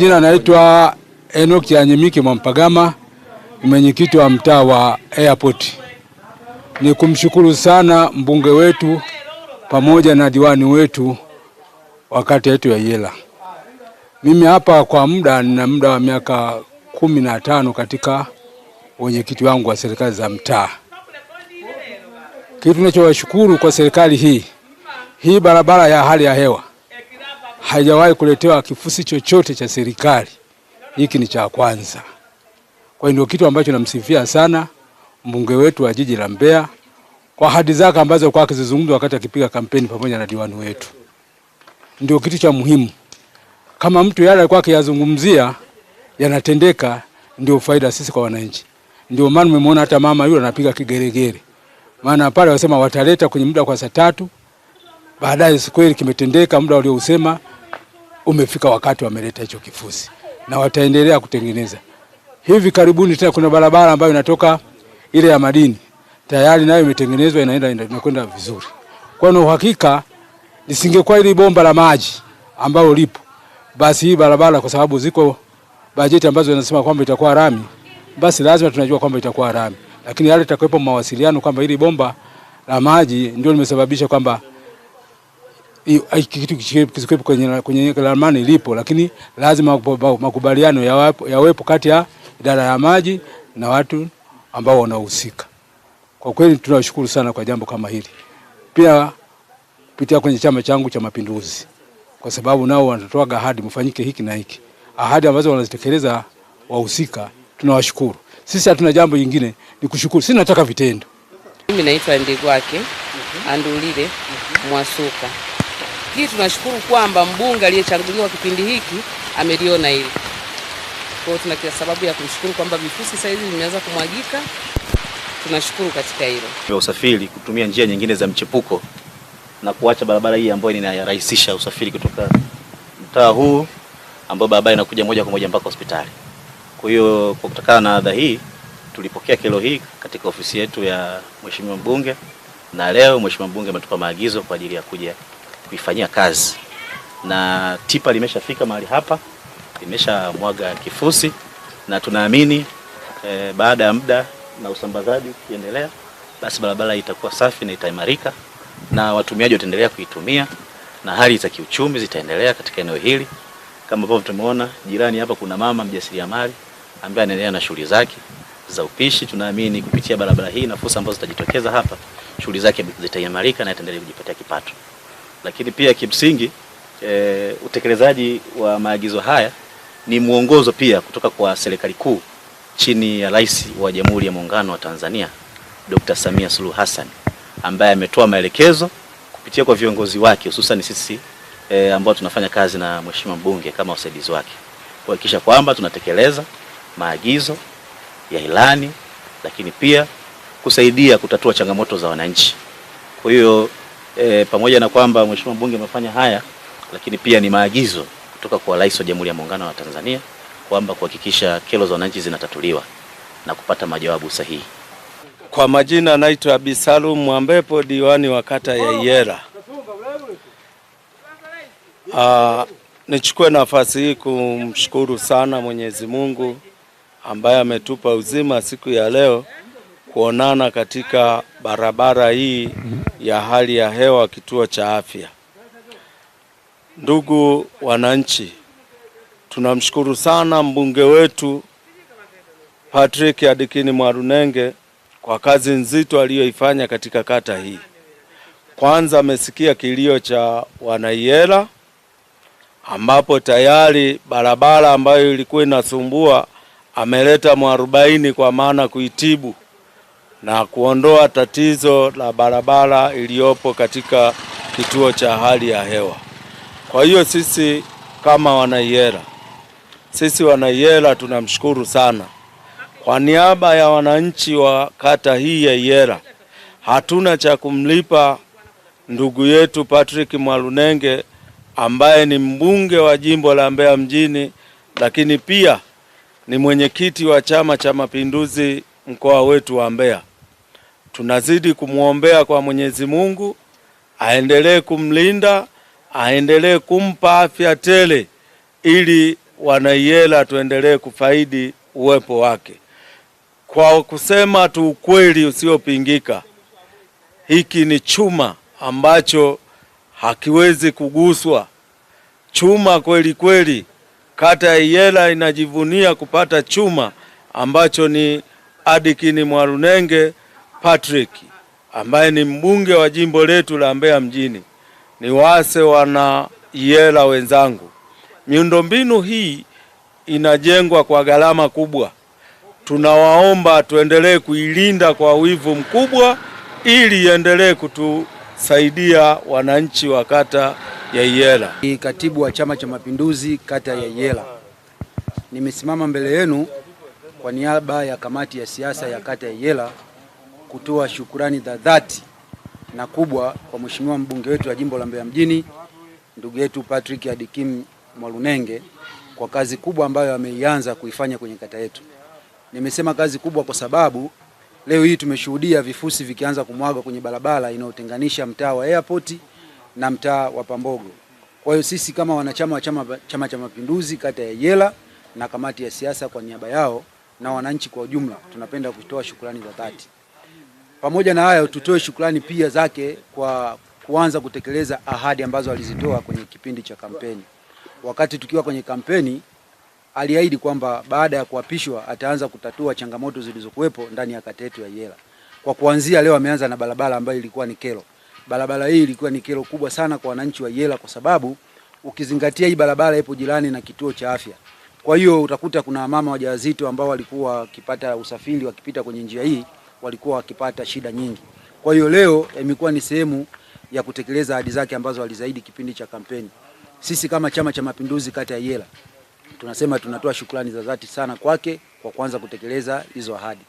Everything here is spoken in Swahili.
Jina naitwa Enoch Yanyemike Mwampagama, mwenyekiti wa mtaa wa airport. Ni kumshukuru sana mbunge wetu pamoja na diwani wetu wa kata yetu ya Iyela. Mimi hapa kwa muda nina muda wa miaka kumi na tano katika wenyekiti wangu wa serikali za mtaa. Kitu ninachowashukuru kwa serikali hii, hii barabara ya hali ya hewa haijawahi kuletewa kifusi chochote cha serikali. Hiki ni cha kwanza. Kwa hiyo ndio kitu ambacho namsifia sana mbunge wetu wa jiji la Mbeya kwa hadi zake ambazo kwa akizizungumza wakati akipiga kampeni pamoja na diwani wetu. Ndio kitu cha muhimu. Kama mtu yale alikuwa akiyazungumzia yanatendeka, ndio faida sisi kwa wananchi. Ndio maana umemwona hata mama yule anapiga kigeregere, maana pale wasema wataleta kwenye muda kwa saa tatu, baadaye sikweli kimetendeka muda waliousema umefika wakati wameleta hicho kifusi na wataendelea kutengeneza. Hivi karibuni tena kuna barabara ambayo inatoka ile ya madini tayari nayo imetengenezwa inaenda inakwenda vizuri. Kwa hiyo uhakika lisingekuwa ile bomba la maji ambalo lipo basi hii barabara, kwa sababu ziko bajeti ambazo zinasema kwamba itakuwa rami, basi lazima tunajua kwamba itakuwa rami, lakini yale itakuwepo mawasiliano kwamba ili bomba la maji ndio limesababisha kwamba kitu kisikwepo kwenye, kwenye ramani ilipo, lakini lazima makubaliano yawepo kati ya idara ya maji na watu ambao wanahusika. Kwa kweli tunashukuru sana kwa jambo kama hili, pia kupitia kwenye chama changu cha Mapinduzi, kwa sababu nao wanatoa ahadi, mfanyike hiki na hiki, ahadi ambazo wanazitekeleza wahusika. Tunawashukuru. Sisi hatuna jambo jingine, ni kushukuru. Sisi nataka vitendo. Mimi naitwa Ndigwake Andulile Mwasuka lakini tunashukuru kwamba mbunge aliyechaguliwa kipindi hiki ameliona hili. Kwa hiyo tuna kila sababu ya kumshukuru kwamba vifusi sasa hivi vimeanza kumwagika. Tunashukuru katika hilo. Usafiri kutumia njia nyingine za mchepuko na kuacha barabara hii ambayo inarahisisha usafiri kutoka mtaa huu ambao barabara inakuja moja kwa moja mpaka hospitali. Kwa hiyo kwa kutokana na adha hii tulipokea kero hii katika ofisi yetu ya Mheshimiwa Mbunge na leo Mheshimiwa Mbunge ametupa maagizo kwa ajili ya kuja kuifanyia kazi, na tipa limeshafika mahali hapa, mwaga kifusi na tunaamini e, baada ya muda na usambazaji ukiendelea, basi barabara itakuwa safi na itaimarika na watumiaji wataendelea kuitumia na hali za kiuchumi zitaendelea katika eneo hili. Kama ambavyo tumeona jirani hapa, kuna mama mjasiriamali ambaye anaendelea na shughuli zake za upishi. Tunaamini kupitia barabara hii na fursa ambazo zitajitokeza hapa, shughuli zake zitaimarika na itaendelea kujipatia kipato lakini pia kimsingi e, utekelezaji wa maagizo haya ni mwongozo pia kutoka kwa serikali kuu chini ya Rais wa Jamhuri ya Muungano wa Tanzania Dr. Samia Suluhu Hassan ambaye ametoa maelekezo kupitia kwa viongozi wake hususan sisi e, ambao tunafanya kazi na Mheshimiwa mbunge kama wasaidizi wake kuhakikisha kwamba tunatekeleza maagizo ya ilani, lakini pia kusaidia kutatua changamoto za wananchi. Kwa hiyo e, pamoja na kwamba mheshimiwa mbunge amefanya haya, lakini pia ni maagizo kutoka kwa Rais wa Jamhuri ya Muungano wa Tanzania kwamba kuhakikisha kero za wananchi zinatatuliwa na kupata majawabu sahihi. Kwa majina naitwa Abisalum Mwambepo, diwani wa kata ya Iyela. Ah, nichukue nafasi hii kumshukuru sana Mwenyezi Mungu ambaye ametupa uzima siku ya leo kuonana katika barabara hii ya hali ya hewa kituo cha afya. Ndugu wananchi, tunamshukuru sana mbunge wetu Patrick Adikini mwarunenge kwa kazi nzito aliyoifanya katika kata hii. Kwanza amesikia kilio cha Wanaiela ambapo tayari barabara ambayo ilikuwa inasumbua ameleta mwarobaini kwa maana kuitibu na kuondoa tatizo la barabara iliyopo katika kituo cha hali ya hewa. Kwa hiyo sisi kama wanaiera sisi wanaiera tunamshukuru sana kwa niaba ya wananchi wa kata hii ya iera Hatuna cha kumlipa ndugu yetu Patrick Mwalunenge ambaye ni mbunge wa jimbo la Mbeya mjini, lakini pia ni mwenyekiti wa Chama cha Mapinduzi mkoa wetu wa Mbeya tunazidi kumwombea kwa Mwenyezi Mungu aendelee kumlinda, aendelee kumpa afya tele, ili Wanaiela tuendelee kufaidi uwepo wake. Kwa kusema tu ukweli usiopingika, hiki ni chuma ambacho hakiwezi kuguswa, chuma kweli kweli. Kata ya Iyela inajivunia kupata chuma ambacho ni Adikini Mwalunenge. Patrick ambaye ni mbunge wa jimbo letu la Mbeya mjini, ni wase wana Iyela wenzangu, miundombinu hii inajengwa kwa gharama kubwa. Tunawaomba tuendelee kuilinda kwa wivu mkubwa, ili iendelee kutusaidia wananchi wa kata ya Iyela. Ni katibu wa Chama cha Mapinduzi kata ya Iyela. Nimesimama mbele yenu kwa niaba ya kamati ya siasa ya kata ya Iyela kutoa shukurani za dhati na kubwa kwa mheshimiwa mbunge wetu wa jimbo la Mbeya mjini ndugu yetu Patrick Adikim Mwalunenge kwa kazi kubwa ambayo ameianza kuifanya kwenye kata yetu. Nimesema kazi kubwa kwa sababu leo hii tumeshuhudia vifusi vikianza kumwaga kwenye barabara inayotenganisha mtaa wa airport na mtaa wa Pambogo. Kwa hiyo sisi kama wanachama wa chama, chama cha Mapinduzi kata ya Yela na kamati ya siasa kwa niaba yao na wananchi kwa ujumla tunapenda kutoa shukrani za dhati. Pamoja na hayo, tutoe shukrani pia zake kwa kuanza kutekeleza ahadi ambazo alizitoa kwenye kipindi cha kampeni. Wakati tukiwa kwenye kampeni, aliahidi kwamba baada ya kuapishwa ataanza kutatua changamoto zilizokuwepo ndani ya kata yetu ya Iyela. Kwa kuanzia leo, ameanza na barabara ambayo ilikuwa ni kero. Barabara hii ilikuwa ni kero kubwa sana kwa wananchi wa Iyela, kwa sababu ukizingatia hii barabara ipo jirani na kituo cha afya. Kwa hiyo utakuta kuna mama wajawazito ambao walikuwa wakipata usafiri wakipita kwenye njia hii walikuwa wakipata shida nyingi. Kwa hiyo leo imekuwa ni sehemu ya kutekeleza ahadi zake ambazo alizaidi kipindi cha kampeni. Sisi kama Chama cha Mapinduzi kata ya Yela tunasema tunatoa shukrani za dhati sana kwake kwa kuanza kutekeleza hizo ahadi.